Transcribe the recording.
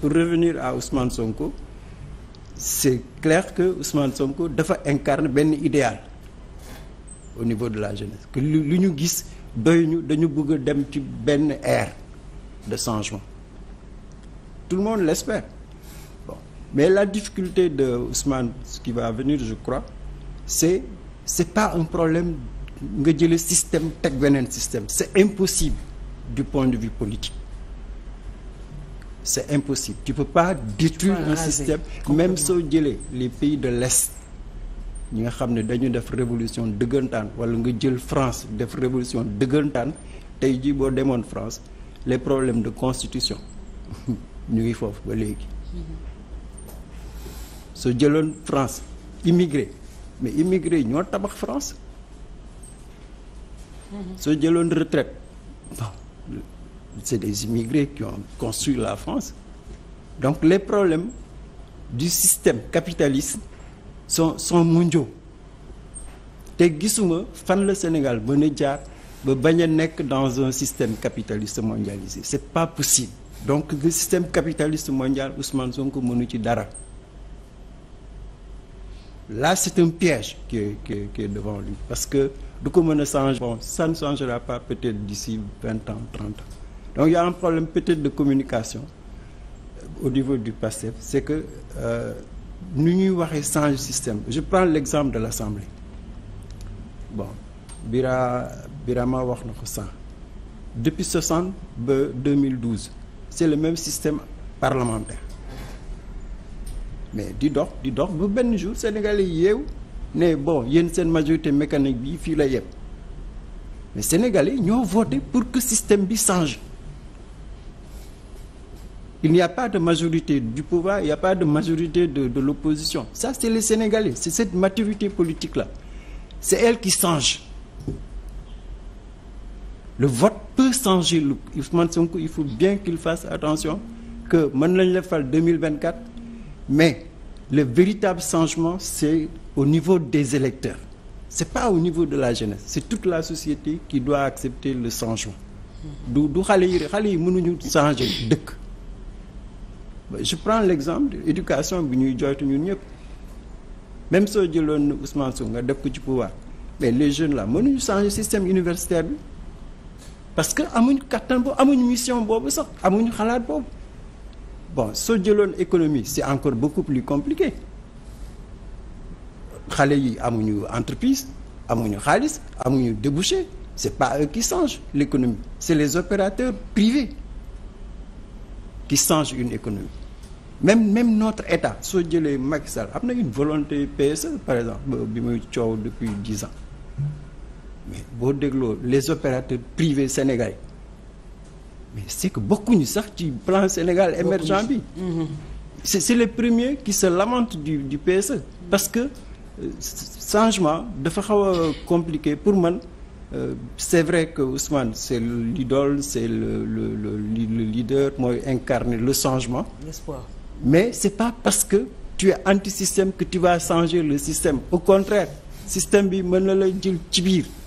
pour revenir à Ousmane Sonko c'est clair que Ousmane Sonko dafa incarne benn idéal au niveau de la jeunesse que lu ñu gis doy ñu dañu bëgg a dem ci benn ère de changement tout le monde l'espère bon mais la difficulté de Ousmane ce qui va venir je crois c'est c'est pas un problème nga jële système teg beneen système c'est impossible du point de vue politique c'est impossible tu peux pas détruire un système même soo jëlee les pays de l'Est ñi nga xam ne dañu def révolution dëggantaan wala nga jël France def révolution dëggantaan tey jii boo demoon France les problèmes de constitution ñu ngi foofu ba léegi soo jëloon France immigré mais immigré ñoo tabax France mhm. soo jëloon retraite c'est des immigrés qui ont construit la France. Donc les problèmes du système capitaliste sont sont mondiaux te gisuma fan la Sénégal mën a jaar ba bañ a nekk dans un système capitaliste mondialisé c'est pas possible donc le système capitaliste mondial Ousmane ko mënu ci dara là c'est un piège qui est, qui est, qui est devant lui parce que du ko mën a changer bon ça ne changera pas peut-être d'ici vingt ans trente donc il y problème peut-être de communication euh, au niveau du PASTEF c'est que euh, nu ñuy waxee change système je prends l'exemple de l'Assemblée bon Bira Birama wax na ko sànq depuis 60 ba 2012 c'est le même système parlementaire mais di dox di dox bu benn jour Sénégalais yi yeew ne bon yéen seen majorité mécanique bi fii la yem mais Sénégalais ñoo voté pour que système bi change Il n'y a pas de majorité du pouvoir, il n'y a pas de majorité de, de l'opposition. Ça, c'est les Sénégalais, c'est cette maturité politique-là. C'est elle qui change. Le vote peut changer. Ousmane Sonko, il faut bien qu'il fasse attention que Manlène Fall 2024, mais le véritable changement, c'est au niveau des électeurs. Ce n'est pas au niveau de la jeunesse. C'est toute la société qui doit accepter le changement. Du, du changer je prends l'exemple éducation bi ñuy joytu ñun ñëpp même soo jëloon na Sonko nga def ko ci pouvoir mais les jeunes la mënuñu changer système universitaire bi parce que amuñ kattan boobu amuñu mission boobu sax amuñ xalaat boobu bon soo jëloon économie c'est encore beaucoup plus compliqué xale yi amuñu entreprise amuñu xaalis amuñu débouché c'est pas eux qui changent l'économie c'est les opérateurs privés qui change une économie même même notre état soo jëlee Macky Sall am na une volonté PSE par exemple bi muy coow depuis dix ans mais boo dégloo les opérateurs privés sénégalais mais c'est que bokkuñu sax ci plan Sénégal émergent bi mhm. c'est c'est les premiers ki se lamentent du du PSE parce que euh, changement dafa xaw a compliqué pour man Euh, c'est vrai que Ousmane c'est l'idole c'est le le, le le leader mooy incarner le changement l'espoir mais c'est pas parce que tu es anti-système que tu vas changer le système au contraire système bi mën na la jël ci biir